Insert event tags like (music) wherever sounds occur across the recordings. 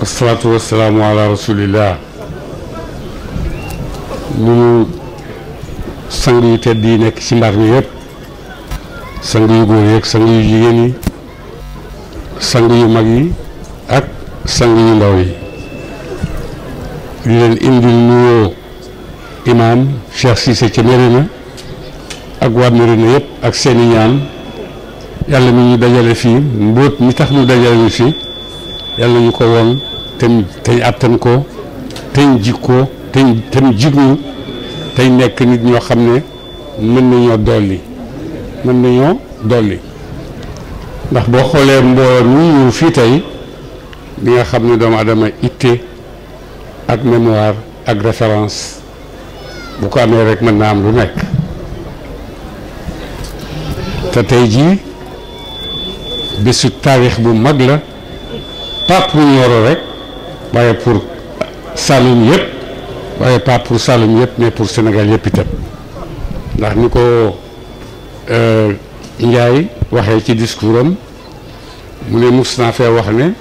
wasalaatu wasalaamu ala rasulillah ñu sang yu tedd yi nekk ci mbar mi yëpp sang yu góor yi ak sang yu jigéen yi sang yu mag yi ak sang yu ndaw yi di leen indil nuyoo imaam Cheikh Cissé ca Mérina ak waa Mérina yëpp ak seeni ñaan yàlla mi ñu dajale fii mbóot mi tax mu dajale fii yàlla ñu ko woon tam tey attan ko tey jig ko tey tam jig tey nekk nit ñoo xam ne mën nañoo dolli mën nañoo dolli ndax boo xoolee mboor mi ñu fii tey di nga xam ne doomu adama itte ak mémoire ak référence bu ko amee rek mën naa am lu nekk te tey jii bésu taarix bu mag la pape mu ñoro rek waaye pour Saloum yëpp waaye pas pour Saloum yëpp pour Sénégal yëpp itam ndax ni ko euh, Ndiaye waxee ci discours am mu ne mus naa fee wax ne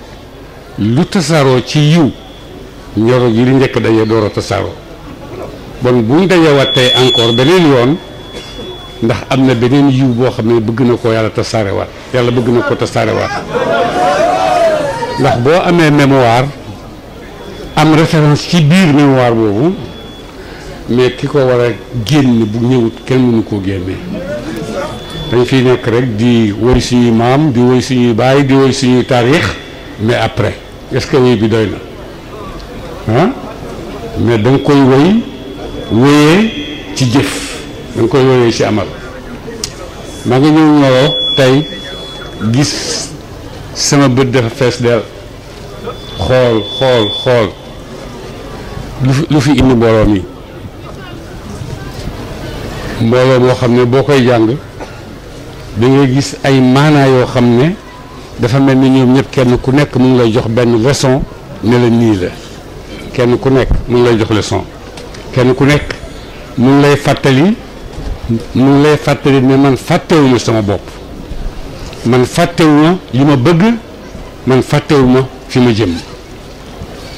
lu tasaaroo ci yiw ñoro ji li njëkk daje door a bon bu ñu dajewaat tey encore beneen yoon ndax am na beneen yiw boo xam ne bëgg na ko yàlla tasaarewaat yàlla bëgg na ko tasaarewaat ndax boo amee mémoire. am référence ci biir mémoire boobu mais ki ko war a génn bu ñëwut kenn mënu koo génnee dañ fi nekk rek di woy suñuy maam di woy suñuy baay di woy suñuy taarix mais après est-ce que woy bi doy na mais da nga koy woy woyee ci jëf da koy woyee ci amal maa ngi ñëw ñoroo tey gis sama bët dafa fees del xool xool xool lu fi indi mbooloo mi mbooloo moo xam ne boo koy jàng dangay gis ay maanaa yoo xam ne dafa mel ni ñoom ñëpp kenn ku nekk mu ngi lay jox benn leçon ne la nii la kenn ku nekk mu ngi lay jox leçon kenn ku nekk mu ngi lay fàttali mu ngi lay fàttali ne man fàttewuma sama bopp man fàttewuma li ma bëgg man fàttewuma fi ma jëm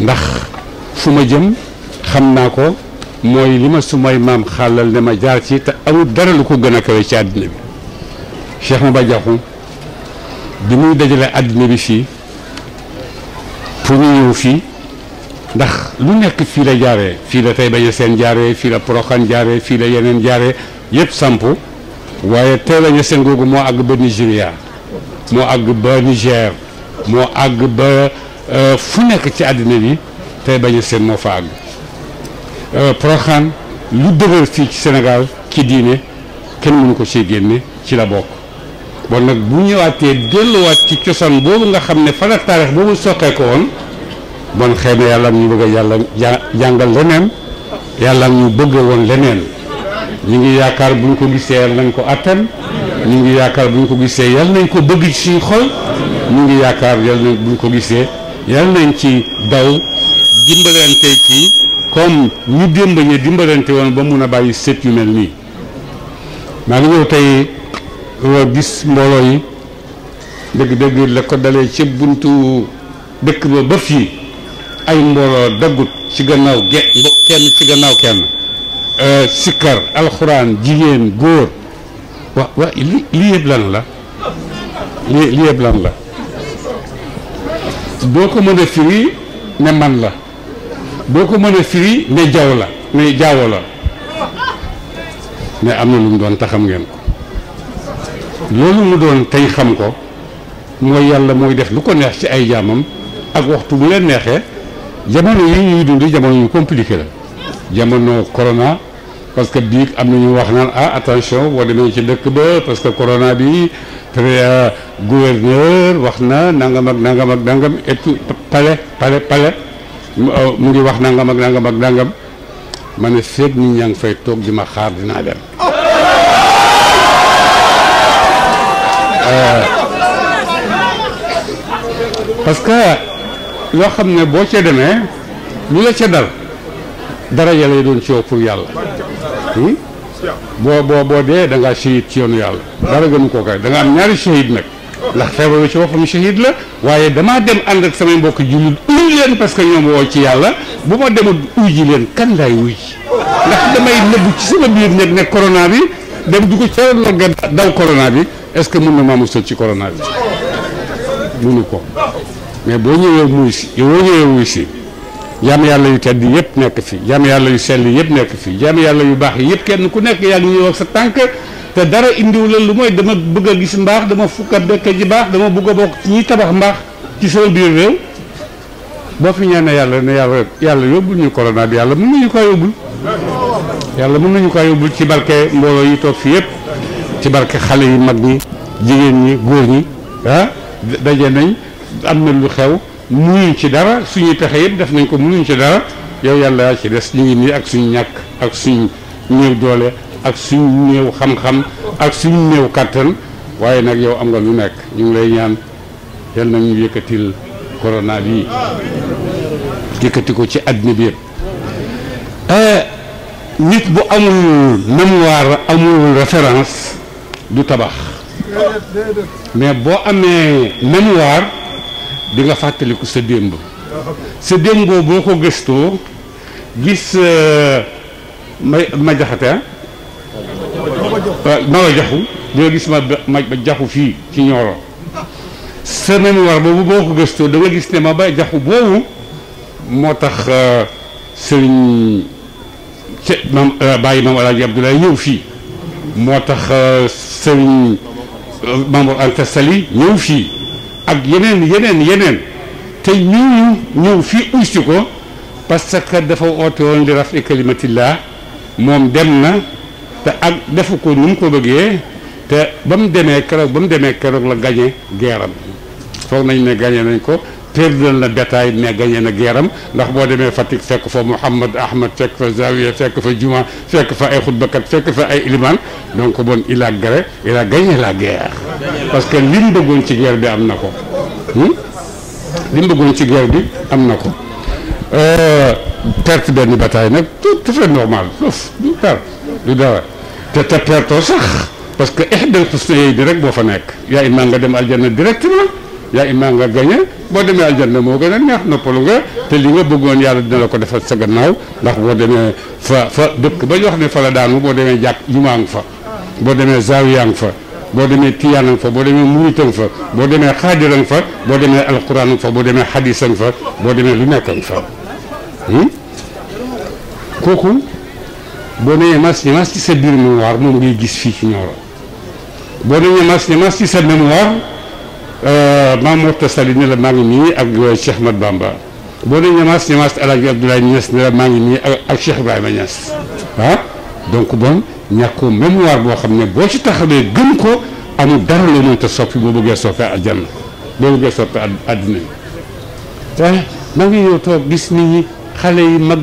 ndax fu ma jëm xam naa ko mooy li ma sumay maam xàllal ne ma jaar ci te amul dara lu ko gën a kawe ci àddina bi Cheikh Maba Diakhou bi muy dajale àddina bi fii pour ñu fii ndax lu nekk fii la jaaree fii la tey bañ seen jaaree fii la poroxan jaaree fii la yeneen jaare yépp samp waaye tey la seen googu moo àgg ba Nigéria moo àgg ba Niger moo àgg ba euh, fu nekk ci àddina bi tey bañ seen moo fa àgg Euh, Porokhane lu dëgër fii ci Sénégal ci diine kenn mënu ko see génne ci la bokk bon nag bu ñëwaatee delluwaat ci cosaan boobu nga xam ne fana taarix boobu soqee ko woon bon xëy na yàlla ñu bëgg yàlla jàngal leneen yàlla ñu bëgg woon leneen ñu ngi yaakaar bu ñu ko gisee yàlla nañ ko attan ñu ngi yaakaar bu ñu ko gisee yàlla nañ ko bëgg ci suñu xol ngi yaakaar yàlla nañ bu ko gisee yàlla nañ ci daw dimbalante ci comme ñu démb ñi dimbalante woon ba mun a bàyyi sët yu mel nii maa ngi ñëw tey gis mbooloo yi dëgg-dëgg la ko dalee ci buntu dëkk ba ba fii ay mbooloo daggut ci gannaaw ge kenn ci gannaaw kenn euh, sikkar alxuraan jigéen góor wa wa li lii yëpp lan la li yëpp lan la doo ko mën a firi ne man la boo ko mën a firi ne jaw la ne jaawo la am na lu mu doon taxam ngeen ko loolu mu doon tey xam ko mooy yàlla mooy def lu ko neex ci ay jaamam ak waxtu bu leen neexee jamono yi ñuy dund jamono yu compliqué la jamono corona parce que bii am na ñu wax naan ah attention boo demee ci dëkk ba parce que corona bi pré euh, gouverneur wax na nangam ak nangam ak nangam et tout palais palais Oh, mu ngi wax nangam ak nangam ak nangam ma ne feeg nit ñaa ngi fay toog di ma xaar dinaa dem euh, parce que loo xam ne boo cee demee lu la ca dal dara yàlla doon ci pour yàlla hmm? boo boo boo dee da ngaa shahid ci yoonu yàlla dara gënu koo kay da nga am ñaari shahid nag ndax feebar bi ci boppam shahid la waaye damaa dem ànd ak samay mbokk jullit uyu leen parce que ñoom woo ci yàlla bu ma demul uyu ji leen kan laay uyu ndax damay nëbb ci sama biir nekk ne corona bi dem du ko ca logga daw corona bi est-ce que mën na maa sol ci corona bi mënu ko mais boo ñëwee muy si boo ñëwee muy si jaam yàlla yu tedd yëpp nekk fi jaam yàlla yu sell yëpp nekk fi jaam yàlla yu baax yëpp kenn ku nekk yaa ngi ñëw sa tànk te dara indiwu la lu mooy dama bëgg a gis mbaax dama fukk a dëkk ji baax dama bëgg a bokk ci ñuy tabax mbaax ci sama biir réew boo fi ñaanee yàlla ne yàlla yàlla yóbbul ñu corona bi yàlla mën nañu ko yóbbul yàlla mën nañu ko yóbbul ci barke mbooloo yi toog fi yëpp ci barke xale yu mag ñi jigéen ñi góor ñi ah daje nañ am na lu xew munuñ ci dara suñuy pexe yëpp def nañ ko munuñ ci dara yow yàlla yaa ci des ñu ngi nii ak suñu ñàkk ak suñu néew doole ak suñu néew xam-xam ak suñu néew kàttan waaye nag yow am nga lu nekk ñu ngi lay ñaan yal nag yëkkatil corona bi yëkkati ko ci àddina bi yëpp eh, nit bu amul mémoire amul référence du tabax mais boo amee mémoire di nga fàttaliku sa démb sa démb boo ko gëstoo gis euh, ma ma jaxate ah. waaw euh, Mawla Diakhou danga gis ma ma Diakhou fii ci Nioro sa mémoire boobu boo ko gëstoo da nga gis ne ma ba Diakhou boobu moo tax sëriñ ca maam bàyyi maam El Hadj Abdoulaye ñëw fii moo tax euh, sëriñ euh, Mamour Anta Sali ñëw fii ak yeneen yeneen yeneen te ñooñu ñëw fii uysi ko parce que dafa oote woon li rafi kalimatillah moom dem na. te ak defu ko ni mu ko bëggee te ba mu demee keroog ba mu demee keroog la gañe geeram foog nañ ne gañe nañ ko perdre la bétail mais gañe na geeram ndax boo demee Fatick fekk fa Mouhamad Ahmad fekk fa Zawiya fekk fa Juma fekk fa ay xutbakat fekk fa ay iliman donc bon il a gré il a gagné la guerre parce que li mu bëggoon ci guerre bi am na ko hmm? li mu bëggoon ci guerre bi am na ko euh, perte benn bétail nag tout à normal loolu perte du dara te te perto sax parce que ihdal xusna yooyu di rek boo fa nekk yaa imaa nga dem aljanna directement yaa imaa nga gañe boo demee aljanna moo gën a neex noppalu nga te li nga bëggoon yàlla dina la ko defal sa gannaaw ndax boo demee fa fa dëkk ba ñu wax ne fa la daanu boo demee jàkk jumaa nga fa boo demee zaawiya nga fa boo demee tiyaana nga fa boo demee murita nga fa boo demee xaadira nga fa boo demee alquran nga fa boo demee xadisa nga fa boo demee lu nekk nga boo nee ñamaas ñamaas ci sa biir mémoire moom ngay gis fii ci Nioro boo nee ñamaas ñamaas ci sa mémoire euh, Maam Mor Anta Sali ne la maa ngi ak euh, Cheikh Ahmad Bamba boo nee ñamaas ñamaas El Hadj Abdoulaye Niass ne la maa ngi nii ak Cheikh Ibrahima Niass ah donc bon ñàkkoo mémoire boo xam ne boo ci taxawee gën ko amul dar loo mënta soppi boo bëggee soppi aljanna boo bëggee soppi àddina bi. waaye eh, yow toog gis nit ñi xale yi mag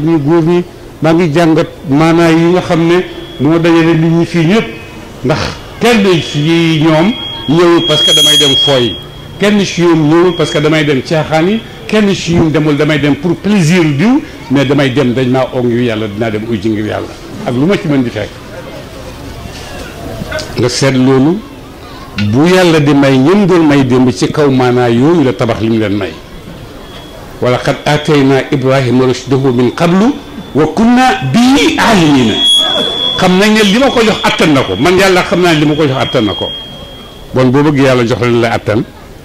maa ngi jàngat maanaa yi nga xam ne moo dajale nit ñi fii ñëpp ndax kenn si ñoom ñëwul parce que damay dem fooy kenn si ñoom ñëwul parce que damay dem caaxaan yi kenn si ñoom demul damay dem pour plaisir diw mais damay dem dañ maa oo ngir yàlla dinaa dem uji ngir yàlla ak lu ma ci mën di fekk nga seet loolu bu yàlla di may ñëm doon may démb ci kaw maanaa yooyu la tabax li mu leen may wala xad aatayna ibrahima rushdahu min qablu wa kunna bii aalimiina xam nañ ne li ma ko jox attan na ko man yàlla xam naa ne li ma ko jox attan na ko bon boo bëgg yàlla jox leen la attan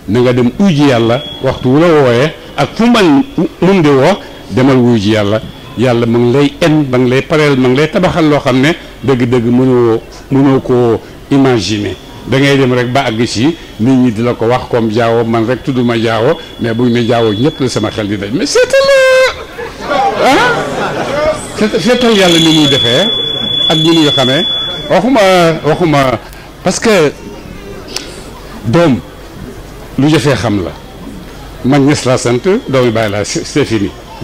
na nga dem uy yàlla waxtu wu la wooyee ak fu man mun di woo demal wuy ji yàlla yàlla ma ngi lay en ma lay pareel ma ngi lay tabaxal loo xam ne dëgg-dëgg mënoo mënoo ko imaginer da ngay dem rek ba àgg si nit ñi di la ko wax comme jaawo man rek ma jaawo mais buñ ne jaawo ñëpp la sama xel di daj mais c'est ah seetal yàlla ni muy defee ak ni muy xamee waxuma waxuma parce que doom lu jafee xam la man ñes laa sant doomi bàyyi laa c'est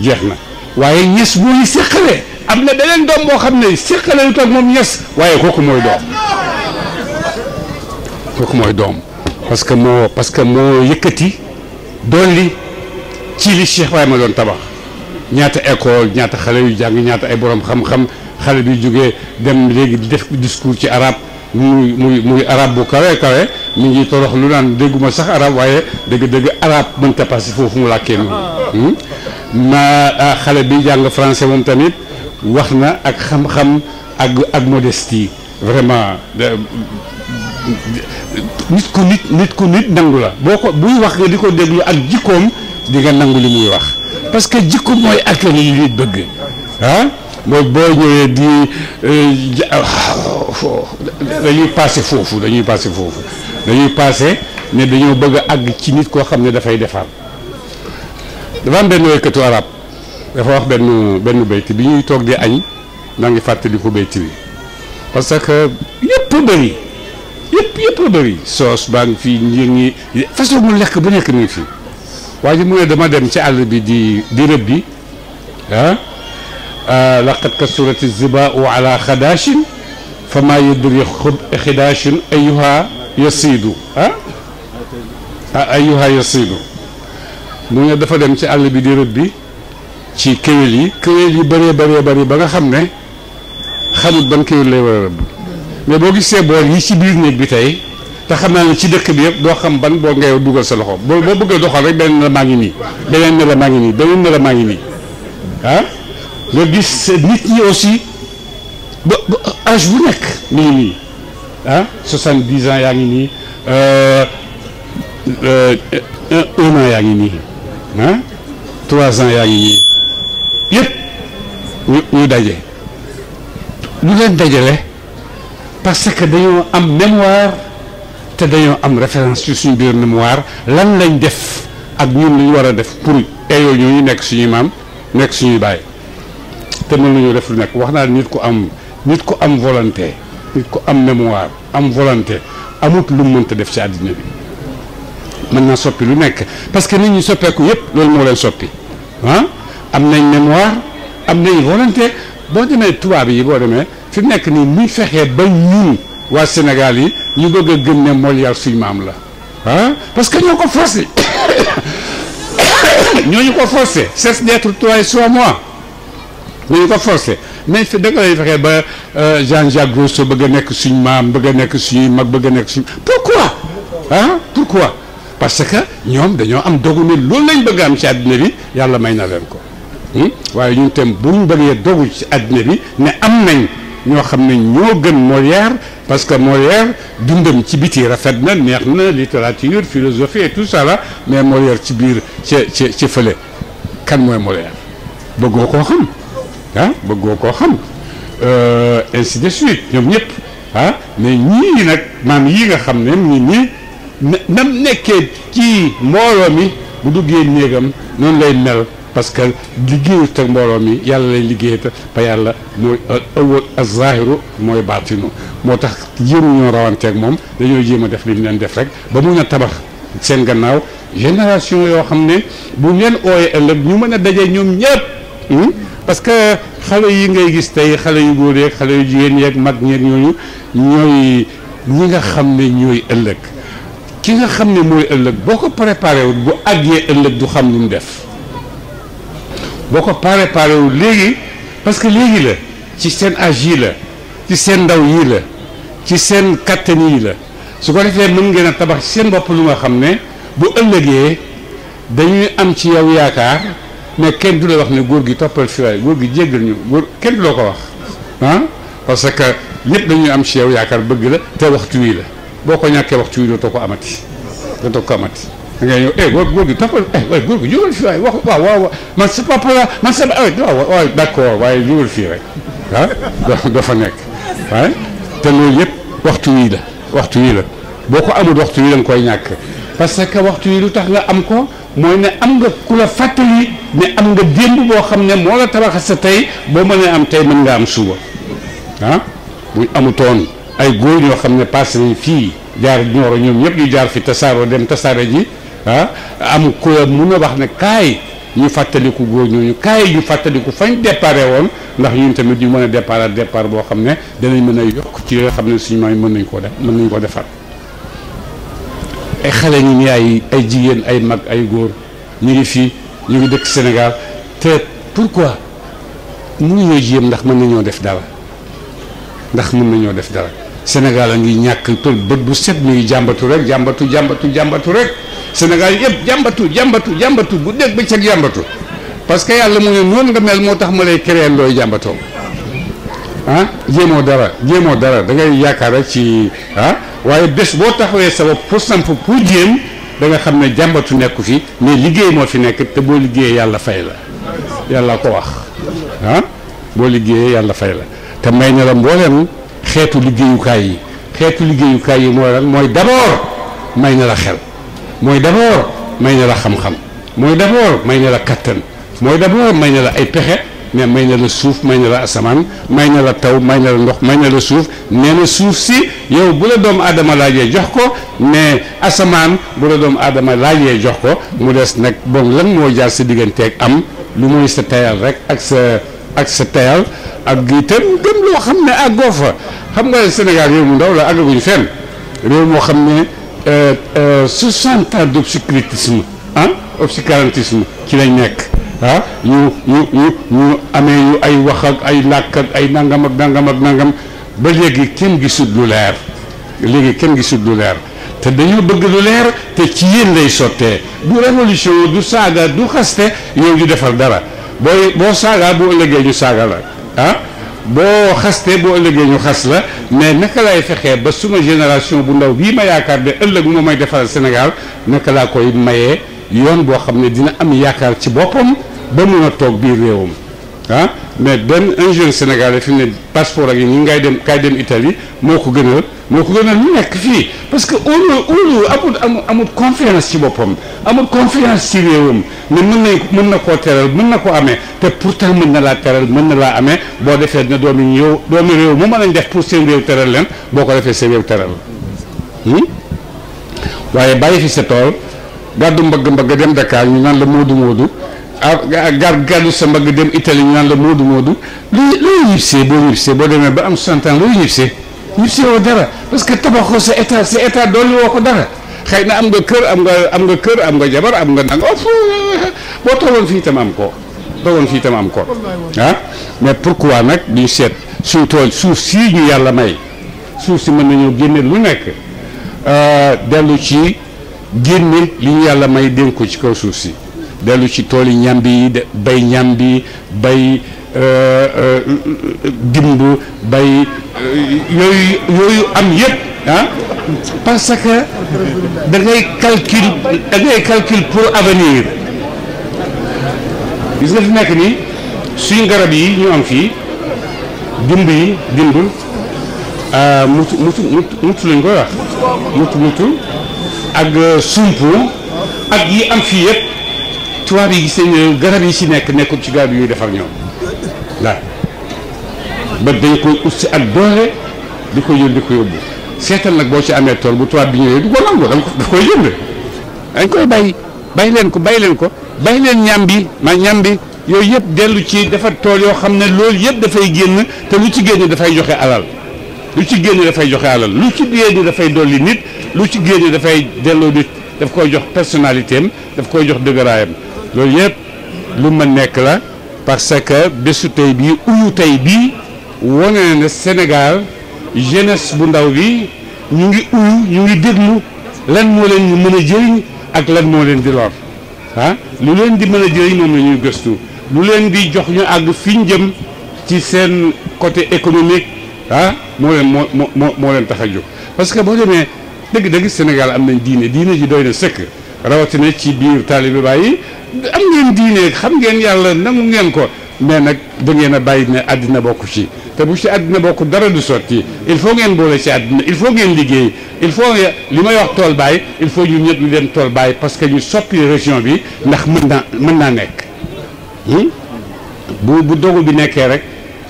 jeex na waaye ñes mooy séqale am na beneen doom boo xam ne séqale lu tax moom ñes waaye kooku mooy doom kooku mooy doom parce que moo parce que moo yëkkati dolli ci li Cheikh Baye doon tabax ñaata école ñaata xale yu jàng ñaata ay boroom xam-xam xale bi jógee dem léegi def discours ci arab muy muy muy arab bu kawe kawe mi ngi torox lu naan dégguma sax arab waaye dégg dëgg arab mënta passé foofu mu làkkee noonu hmm? ma ah, xale bi jàng français moom tamit wax na ak xam ak ak modestie vraiment nit ku nit nit nangu la boo ko buy wax nga di ko déglu ak jikkoom di nangu li muy wax parce que jikko mooy accueil yi bëgg ah boo ñëwee di euh, ah, dañuy passé foofu dañuy passé foofu dañuy passé ne dañoo bëgg a àgg ci nit koo xam ne dafay defar dafa am benn woykatu arab dafa wax benn benn béyt bi ñuy toog di añ maa ngi fàttali ko béyt bi parce que yëpp a bëri yëpp yëpp bëri soos baa ngi fii njir ñi façon mu lekk bu nekk mi ngi waa ji mu ne dama dem ci àll bi di di rëb bi ah, ah laqad kasurati zibaau ala xadaashin fa maa yudri xidaashin ayuha yasiidu ah ayuha ah, yasiidu mu ne dafa dem ci àll bi di rëb bi ci kéwél yi kéwél yi bëree bëree bëri ba nga xam ne xamut ban kéwél lay war a rëbb mais boo gisee bool yi ci biir néeg bi tey te xam naa ne ci dëkk bi yëpp doo xam ban boo ngay dugal sa loxo boo boo bëggee doxal rek beneen la maa ngi nii beneen ne la maa ngi nii beneen gis nit ñi aussi ba ba âge bu nekk mi ngi nii soixante-dix ans yaa ngi nii euh, euh, un an yaa ngi nii trois ans yaa ngi nii yëpp ñu ñu daje lu leen dajale parce que dañoo am mémoire te dañoo am référence ci suñu biir mémoire lan lañ def ak ñun lu war a def pour ñoo ñu nekk suñuy maam nekk suñuy baay te mën nañoo def lu nekk wax naa nit ku am nit ko am volonté nit ku am mémoire am volonté amut lu mënta def ci àddina mën naa soppi lu nekk parce que nit ñi soppeeku yëpp loolu moo leen soppi ah? am nañ mémoire am nañ volonté boo demee tubaab yi boo demee fi nekk nii muy fexee ba ñun waa Sénégal yi ñu bëgg a gëm ne mool yàlla maam la ah parce que ñoo ko forcé (coughs) ñooñu ko forcé cesse d'être toi et sois moi ñooñu ko forcé mais fi dëgg lay fexee ba euh, Jean-Jacques Rousseau bëgg a nekk suñu maam bëgg a nekk suñuy mag bëgg a nekk suñu pourquoi ah pourquoi parce que ñoom dañoo am dogu ne loolu lañ bëgg am si àddina bi yàlla may na leen ko hmm? waaye ñu tam bu ñu bëggee dogu ci àddina bi ne am nañ ñoo xam ne ñoo gën Molière parce que Molière dundam ci biti rafet na neex na littérature philosophie et tout ça la mais Molière ci biir ci ci ci fële kan mooy Molière bëggoo koo xam ah bëggoo koo euh, ainsi de suite ñoom ñëpp ah, mais ñii nag maam yi nga xam ne nit ñi na nekkee ci mbooloo mi bu duggee néegam noonu lay mel parce que liggéeyut ak mbooloo mi yàlla lay liggéey te ba yàlla mooy awal euh, azahiru mooy baatinu moo tax yéemuñoo rawanteeg moom dañoo jéem a def li ñu leen def rek ba mun a tabax seen gannaaw génération yoo xam ne bu leen ooyee ëllëg ñu mën a daje ñoom ñëpp hmm? parce que xale yi ngay gis tey xale yu góor yeeg xale yu jigéen yeeg mag ñeeg ñooñu ñooy ñi nga xam ne ñooy ëllëg ki nga xam ne mooy ëllëg boo ko préparé wul bu àggee ëllëg du xam lu mu def boo ko pare parewul léegi parce que léegi la ci seen âge yii la ci seen ndaw yii la ci seen kattan yii la su ko defee mën ngeen a tabax ci seen bopp lu nga xam ne bu ëllëgee dañuy am ci yow yaakaar mais kenn du la wax ne góor gi toppal fi waay góor gi jéggal ñu góor kenn du la ko wax ah parce que ñëpp dañuy am ci yow yaakaar bëgg la te waxtu wii la boo ko ñàkkee waxtu wii dootoo ko amati dootoo ko amati nga ñëw eh, góor gi toppal eh waaye góor gi jógal fii waaye wax waaw waaw man sa papa la man waaye jógal fii rek ah doo fa nekk waaye te waxtu wii la waxtu wii la boo ko amul waxtu wii da nga koy ñàkk parce que waxtu wii lu tax nga am ko mooy ne am nga ku la ne am nga démb boo xam ne moo la tabaxa sa tey boo mënee am tey mën nga am suba ah buñ amutoon ay góor ñoo xam ne passé fii jaar Nioro ñoom ñëpp ñu jaar fi tasaaroo dem tasaare ji ah am ku mun a wax ne kaay ñu fàttaliku góor ñooñu kaay ñu fàttaliku fañ déparé woon ndax ñun tamit ñu mën a départ départ boo xam ne danañ mën a yokk ci nga xam ne suñu maam mën nañ koo def mën nañ koo defar ay xale ñu ni ay ay jigéen ay mag ay góor ñu ngi fii ñu ngi dëkk senegal te pourquoi mënuñoo jéem ndax mën nañoo def dara ndax mën nañoo def dara Sénégal a ngi ñàkk tool bët bu set mi ngi jàmbatu rek jàmbatu jàmbatu jàmbatu rek Sénégal yëpp jàmbatu jàmbatu jàmbatu bu dégg ba cëg jàmbatu parce que yàlla mu ne noonu nga mel moo tax ma lay créer looy jàmbatoo ah jéemoo dara jéemoo dara da ngay yaakaar rek ci ah waaye bés boo taxawee sabab pour samp pour jéem da nga xam ne jàmbatu nekku fi mais liggéey moo fi nekk te boo liggéeyee yàlla fay la yàlla ko wax ah boo liggéeyee yàlla fay la te may na la mbooleem xeetu liggéeyukaay yi xeetu liggéeyukaay yi moo lan mooy d'abord may na la xel mooy d'abord may na la xam-xam mooy d'abord may na la kattan mooy d'abord may na la ay pexe mais may na la suuf may na la asamaan may na la taw may na la ndox may na la suuf nee na suuf si yow bu la doomu aadama laajee jox ko mais asamaan bu la doomu aadama laajee jox ko mu des nag bon lan moo jaar sa digganteeg am lu mooy sa tayal rek ak sa ak sa tayal ak itam gëm loo xam ne àggoo fa xam nga Sénégal réew ndaw la àggaguñ fenn réew moo xam ne. Euh, euh, soixante ans d'obscurantisme ah obscurantisme ci lañ nekk ah ñu ñu ñu ñu amee ñu ay wax ak ay làkk ak ay nangam ak nangam ak nangam ba léegi kenn gisul lu leer léegi kenn gisul lu leer te dañoo bëgg lu leer te ci yéen lay sottee du révolution du saaga du xaste yow di defar dara booy boo saagaa boo ëllëgee ñu saaga la ah boo xaste boo ëllëgee ñu xas la mais naka laay fexee ba suma génération bu ndaw bii ma yaakaar ne ëllëg moo may defaral Sénégal naka laa koy mayee yoon boo xam ne dina am yaakaar ci boppam ba mun a toog biir réewam ah mais benn un jeune sénégalais fi mu ne passeport ak yi ñu ngay dem kay dem Italie moo ko gënal moo ko gënal ñu nekk fii parce que óolu óolu amul amul amul confiance ci boppam amul confiance ci réewam mais mën nañ mën na koo teral mën na koo amee te pourtant mën na laa teral mën na laa amee boo defee ne doomi yow doomi réew mu mën nañ def pour seen réew teral leen boo ko defee seen réew teral hmm? waaye bàyyi fi sa tool gàddu mbëgg mbëgg dem Dakar ñu naan la moodu moodu ah gar gàddu sa mbagg dem Italie ñu naan la Moodu Moodu looy looy ñibbisee boo ñibbisee boo demee ba am 60 ans looy ñibbisee ñibbisee woo dara parce que tabaxoo sa état sa état doolu woo ko dara xëy na am nga kër am nga am nga kër am nga jabar am nga nang of oh, boo toogoon fii tam am ko toogoon fii tam am ko ah mais pourquoi nag duñ seet suñu tool suuf sii ñu yàlla may suuf si mën nañoo génne lu nekk euh, dellu ci génne li ñu yàlla may dénk ko ci kaw suuf si dellu ci tool yi ñambi yi de bay ñambi bay dimb euh, euh, bay euh, yooyu am yëpp ah. parce que da ngay calcul pour avenir gis nga nekk nii suñ garab yi ñu am fii dimb yi dimb mutu mutu mutu lañ koy wax mutu mutu ak sumpu ak yi am fii yëpp tubaab yi seen garab yi ci nekk nekkul ci garab yuy defar ñoom waaw ba dañ koy ut si ak doole di ko jël di ko yóbbu seetal nag boo ci amee tool bu tubaab bi ñëwee du ko nangu da koy jënd dañ koy bàyyi bàyyi leen ko bàyyi leen ko bàyyi leen ñam bi ma ñam bi yooyu yëpp dellu ci defar tool yoo xam ne loolu yëpp dafay génn te lu ci génn dafay joxe alal lu ci génn dafay joxe alal lu ci génn dafay dolli nit lu ci génn dafay delloo nit daf koy jox personnalité am daf koy jox dëgëraayam loolu yëpp lu ma nekk la parce que bésu tey bii uyu tey bii wane na Sénégal jeunesse bu ndaw bi ñu ngi uyu ñu ngi déglu lan moo leen mën a jëriñ ak lan moo leen di lor ah lu leen di mën a jëriñ moom la ñuy gëstu lu leen di jox ñu àgg fi ñu jëm ci seen côté économique ah moo leen moo moo moo leen tax a jóg parce que boo demee dëgg-dëgg Sénégal am nañ diine diine ji doy na sëkk rawatina ci biir taalibe Baay yi am ngeen diine xam ngeen yàlla nangu ngeen ko mais nag da ngeen a bàyyi ne àddina bokku ci te bu ci àddina bokku dara du sotti il faut ngeen boole ci àddina il faut ngeen liggéey il faut li may wax tool baay il faut ñu ñëpp ñu leen tool bàyyi parce que ñu soppi région bi ndax mën naa mën naa nekk hmm? bu bu dogu bi nekkee rek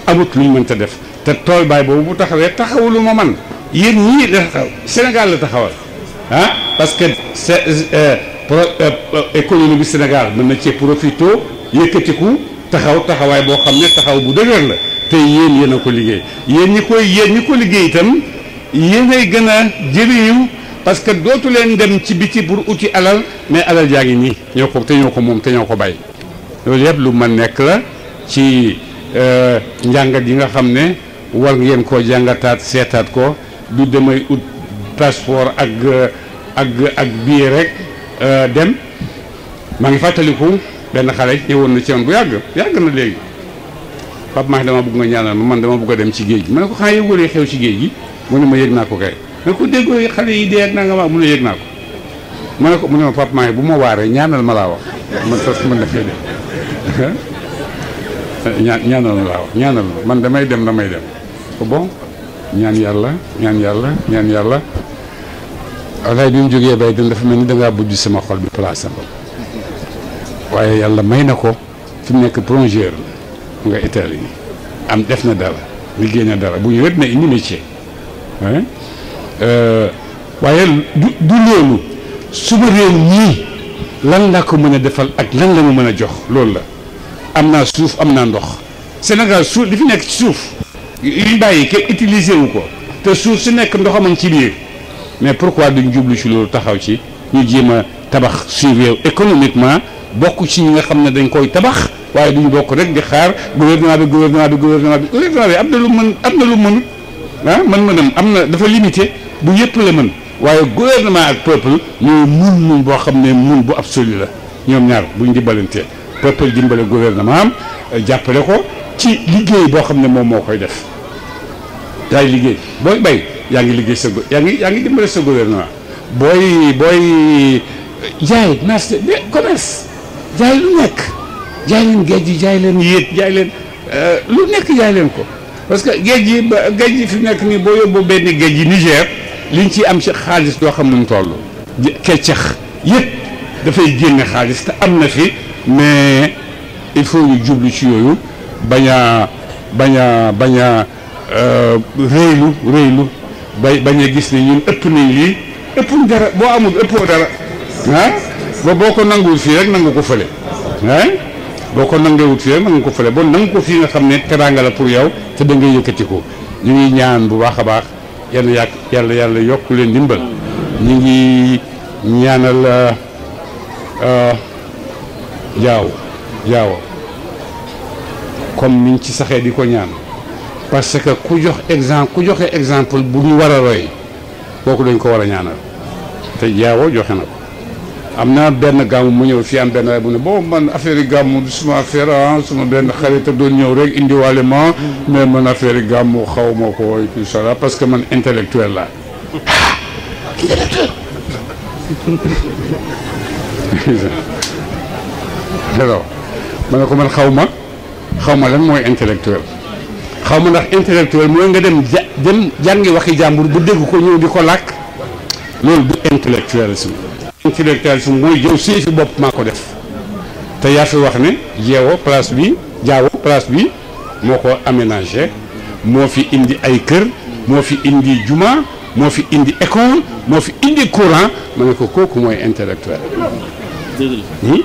amut luñ mënta def te tool baay boobu bu taxawee taxawulu ma man yéen ñii la taxaw Sénégal la taxawal ah? parce que Euh, pro économie bi Sénégal mën na cee profité yëkkatiku taxaw taxawaay boo xam ne taxaw bu dëgër la te yéen yéen a ko liggéey yéen ñi koy yéen ñi ko liggéey itam yéen ay gën a jëriñu parce que dootu leen dem ci biti pour uti alal mais alal jaa ngi nii. ñoo ko te ñoo ko moom te ñoo ko bàyyi loolu yëpp lu ma nekk la ci euh, njàngat yi nga xam ne war ngeen koo jàngataat seetaat ko du demay ut passeport ak ak ak rek. Euh, dem maa ngi fàttaliku benn xale woon na ci yoon bu yàgg yàgg na léegi Pape Mahi dama bëgg nga ñaanal ma man dama bëgg a dem ci géej gi xew ci géej gi ma yëg naa ko yi dee ak naa naa ko ma ne ko bu ma waaree ñaanal ma laa wax man (laughs) ma laa wax ñaanal ma man damay dem damay dem bon ñaan yàlla ñaan yàlla ñaan yàlla waaye bi mu jógee bay dem dafa mel ni dangaa bujj sama xol bi place am waaye yàlla may na ko fi mu nekk plongeur la nga Italie am def na dara liggéey na dara bu ñëwee na indi métier euh, waaye du du loolu suma réew ñii lan laa ko mën a defal ak lan la ma mën a jox loolu la am naa suuf am naa ndox Sénégal suuf li fi nekk ci suuf yu bàyyi kenn utiliser wu ko te suuf su nekk ndox amoon ci biir mais pourquoi duñ jublu ci loolu taxaw ci ñu jéem a tabax suñu réew économiquement bokk ci ñi nga xam ne dañ koy tabax waaye duñ bokk rek di xaar gouvernement bi gouvernement bi gouvernement bi gouvernement am na lu mën am na lu mënut ah mën-mënam am na dafa limité bu yëpp la mën waaye gouvernement ak peuple ñooy mun mun boo xam ne mun bu absolu la ñoom ñaar buñ dimbalantee peuple dimbale gouvernement am jàppale ko ci liggéey boo xam ne moom moo koy def yaay liggéey booy bay yaa ngi liggéey sa yaa ngi yaa ngi dimbale sa booy booy jaay marché commerce jaay lu nekk jaay leen géej gi jaay leen yéet jaay leen euh, lu nekk jaay leen ko parce que géej gi ba géej gi fi nekk nii boo yóbbu benn géej gi Niger liñ ci am ci xaalis doo xam nu mu toll keccax yëpp dafay génne xaalis ta am na fi mais il faut ñu jublu ci yooyu bañ a bañ a bañ Euh, réylu réylu ba bañ gis ni ñun ëpp nañ lii ëppuñ dara boo amul ëppoo dara ah boo ko nanguwul fii rek nangu ko fële ah boo ko nangeewul fii nangu ko fële bon nangu ko fii nga xam ne teraanga pour yow te da ngay yëkkati ko ñu ngi ñaan bu baax a baax yàlla yàq yàlla yàlla yokk leen dimbal ñu ngi ñaanal jaaw euh, euh, jaaw comme niñ ci saxee di ko ñaan parce que ku jox exemple ku joxe exemple bu ñu war a roy kooku dañ ko war a ñaanal te jaawoo joxe na ko am naa benn gàmm mu ñëw fii am benn waaye mu ne bon man affaire yi gàmm suma affaire ah suma benn xarit doon ñëw rek indiwaale ma mais man affaire yi gàmm xaw ma ko parce que man intellectuel la intellectuel (laughs) alors ma ne ko man xaw ma xaw ma lan mooy intellectuel xaw ma ndax intellectuel mooy nga dem ja dem jàngi waxi jàmbur bu dégg ko ñëw di ko làkk loolu du intellectualisme intellectualisme mooy jëw si fi bopp maa ko def te yaa fi wax ne jeewo place bi jaawo place bi moo ko aménagé moo fi indi ay kër moo fi indi juma moo fi indi école moo fi indi courant ma ne ko kooku mooy intellectuel hmm?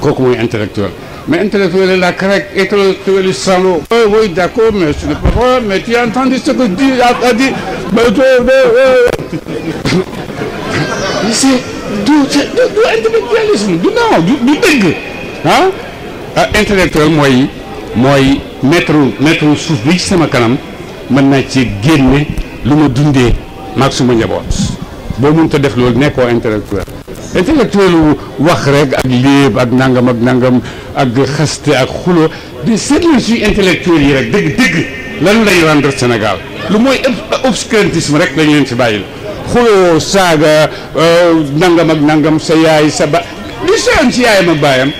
kooku mooy intellectuel mais intellectuel est la craque, intellectuel est salaud. Oui, euh, oui, d'accord, mais ce n'est du, du intellectualisme, ah, mooy mooy mettre mettre suuf bi ci sama kanam mën na ci génne lu ma dundee maag suma njaboot boo mënut a def loolu nekkoo intellectuel intellectuel wax rek ak léeb ak nangam ak nangam ak xaste ak xulo mais seetlu suñu intellectuel yi rek dëgg dëgg lan lay rendre Sénégal lu mooy obscurantisme rek lañu leen si bàyyil xuloo saaga euh, nangam ak nangam sa yaay sa ba li seyoon ci yaayam ak baayam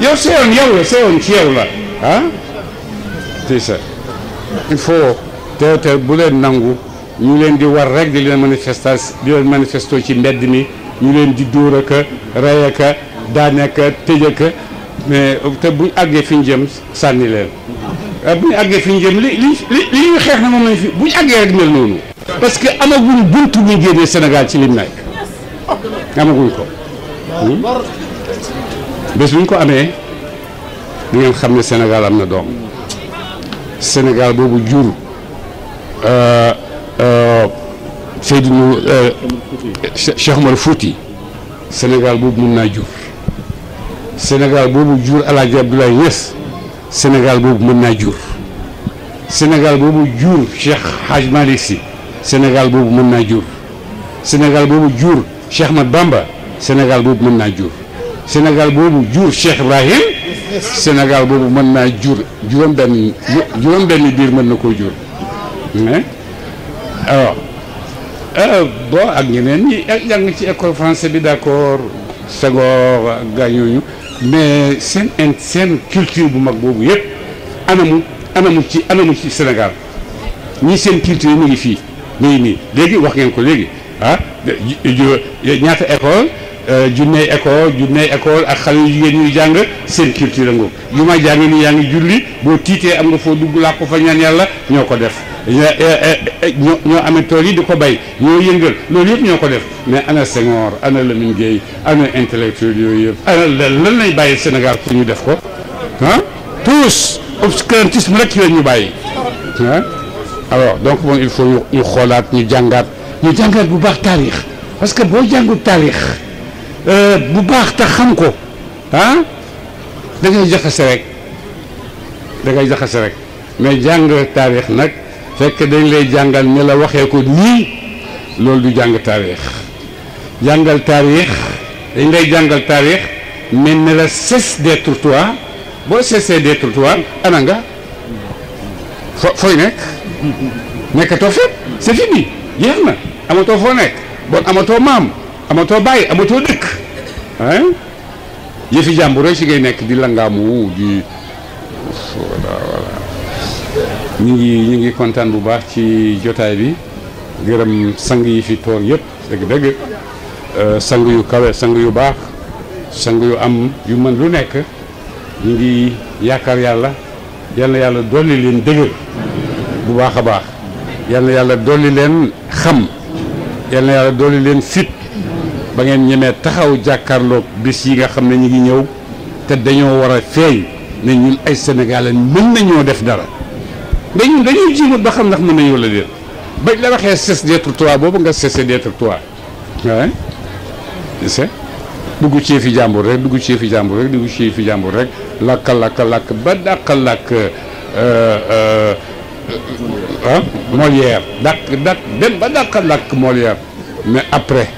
yow seyoon yow la seyoon ci yow la ah c'est ça il faut te te bu leen nangu ñu leen di war rek di leen manifestation di leen manifesto ci mbedd mi ñu leen di dóor ak a rey ak a daane ak mais te buñ àggee fi ñu jëm sànni leen ah, buñ àggee fi ñu jëm li li li ñuy xeex na moom lañ fi àggee rek mel noonu. parce que amaguñ buntu buñ génnee Sénégal ci lim nekk ah, amaguñ ko hmm? bés buñ ko amee di ngeen xam ne Sénégal am na doom Sénégal boobu jur euh, euh, Seydou euh, Cheikh Omar Fouti Sénégal boobu mën naa jur senegal boobu jur El Hadj Abdoulaye Niass Sénégal boobu mën naa jur Sénégal boobu jur Cheikh Hadj Malick Sy boobu mën naa jur senegal boobu jur Cheikh Ahmad Bamba senegal boobu mën naa jur senegal boobu jur Cheikh Ibrahim Sénégal boobu mën naa jur juróom-benn juróom-benn biir mën na ko jur mais bon ak ñeneen ñi eh, jàng ci école français bi d'accord Senghor ak gaañooñu mais seen seen culture bu mag boobu yëpp anamu anamu ci anamu ci Sénégal ñii seen culture mu ngi fii mu nii léegi wax ngeen ko léegi ah ñaata euh, école junney école junney ecole ak xale yu jigéen ñuy jàng seen culture a ngoog yu may jàng nii yaa ngi julli boo tiitee am nga foo dugg laa ko fa ñaan yàlla ñoo ko def Eh, eh, ñoo ñoo amee tool yi di ko bay ñoo yëngal loolu yëpp ñoo ko def mais ana Senghor ana la Gueye ana intellectuel yooyu yëpp ana lan lañ bàyyi Sénégal pour ñu def ko ah tous obscurantisme rek lañ ñu bàyyi ah alors donc bon il faut ñu xoolaat ñu jàngaat ñu jàngat bu baax taarix parce que boo jàngul taarix euh, bu baax te xam ko ah da ngay jaxase rek da ngay jaxase rek mais jàng taarix nag fekk dañ lay jàngal ne la waxee ko nii loolu du jàng taarix jàngal taarix dañ lay jàngal taarix mais ne la cesse d'être toi boo cessé d'être toi ana nga fooy nekk nekkatoo fépp c'est fini jeex na amatoo foo nekk bon amatoo maam amatoo bàyyi amatoo dëkk ah yëfi jàmbur rek si ngay nekk di langaamu di. ñu ngi ñu ngi kontaan bu baax ci jotaay bi gërëm sang yi fi toog yëpp dëgg-dëgg euh, sang yu kawe sang yu baax sang yu am yu mën lu nekk ñu ngi yaakaar yàlla yal yàlla dolli leen dëgg bu baax a baax yal yàlla dolli leen xam yal na yàlla dolli leen fit ba ngeen ñemee taxaw jàkkaarloog bis yi nga xam ne ñu ngi ñëw te dañoo war a feeñ ne ñun ay Sénégalais mën nañoo def dara dañu dañuy jiwut ba xam ndax mën nañu wala déet bañ la waxee cesse d'être toi boobu nga cessé d'être toi waaye c'est dugg ci fi jàmbur rek dugg ci fi jàmbur rek dugg ci fi jàmbur rek làkk làkk làkk ba dàq làkk euh, euh, euh, ah Molière dàq dàq dem ba dàq làkk Molière mais après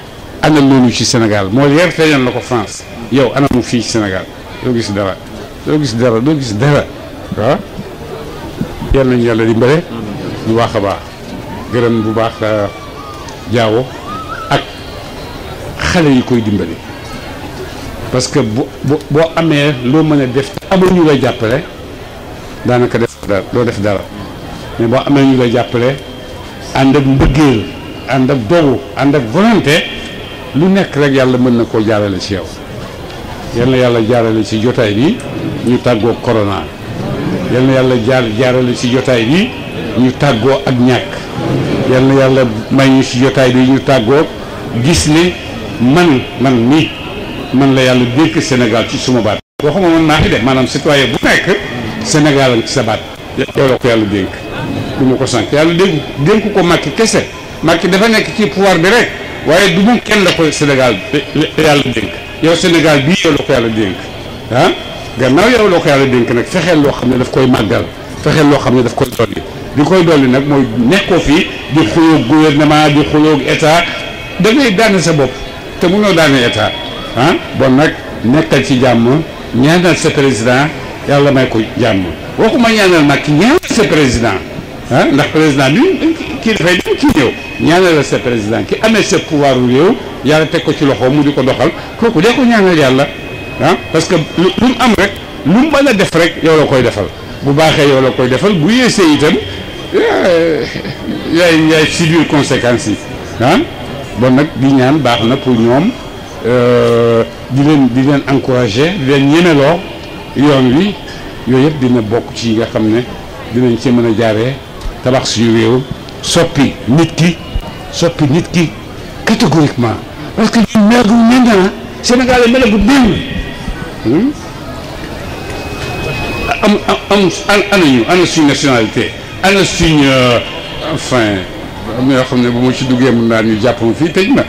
ana loolu ci Sénégal Molière feeñal na ko France yow ana mu fii ci Sénégal doo gis dara doo gis dara doo gis dara waaw ah? yal nañu yàlla dimbale bu baax a baax gërëm bu baax jaawo euh, ak xale yi koy dimbali parce que bu boo amee loo mën a def amul ñu lay jàppale daanaka def dara doo def dara mais boo amee ñu lay jàppale ànd ak mbëggeel ànd ak dogu ànd ak volonté lu nekk rek yàlla mën na koo jaarale ci yow yal na yàlla jaarale ci jotaay bi ñu tàggoo corona yal na yàlla jaar jaarale ci jotaay bi ñu tàggoo ak ñàkk yal na yàlla may ñu ci jotaay bi ñu tàggoo gis ni man man mi man la yàlla dénk Sénégal ci suma baat waxuma de maanaam citoyen bu nekk Sénégal ci sa baat yow la ko yàlla dénk du ko sànq yàlla dénk dénk ko Macky kese Macky dafa nekk ci pouvoir bi rek waaye du mu kenn la ko Sénégal yàlla dénk yow Sénégal bii yow la ko yàlla dénk ah? gannaaw yow loo ko yàlla dénk nag fexeel loo xam ne daf koy màggal fexeel loo xam ne daf koy dolli di koy dolli nag mooy nekkoo fii di xulóog gouvernement di xulóog état da ngay daane sa bopp te mënoo daane état ah? bon nag nekkal ci jàmm ñaanal sa président yàlla may ko jàmm waxuma ñaanal nag ñaanal sa président ah ndax président bi kii dafay dem kii ñëw ñaanal sa président ki amee sa pouvoir réew yàlla teg ko ci loxo mu di ko doxal kooku dee ko ñaanal yàlla ah parce que lu mu am rek lu mu mën a def rek yow la koy defal bu baaxee yow la koy defal bu yéesee itam yaay yaay subir conséquences yi ah bon nag di ñaan baax na pour ñoom euh, di leen di leen encourager di leen ñemeloo yoon wi yooyu yëpp dina bokk ci nga xam ne dinañ ci mën a jaaree tabax suñu réew soppi nit ki soppi nit ki catégoriquement parce que ñun melaguñ ah, maintenant Sénégal yi melaguñ benn Hmm? am am ana ñu ana suñu nationalité ana suñu euh, enfin am na yoo xam ne bu ma ci duggee mën naa ñu jàpp ma fii tëj ma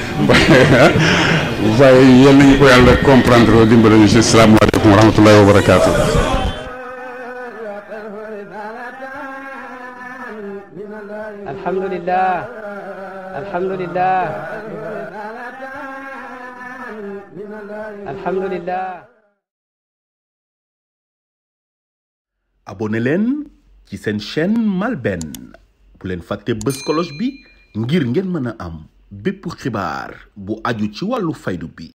(laughs) waaye yéen nañu ko yàlla comprendre dimbale ñu si salaamaaleykum wa rahmatullahi wa barakaatu alhamdulillah alhamdulillah alhamdulillah abonné leen ci seen chaîne malben bu leen fàtte bës cloche bi ngir ngeen mën a am bépp xibaar bu aju ci wàllu faydu bi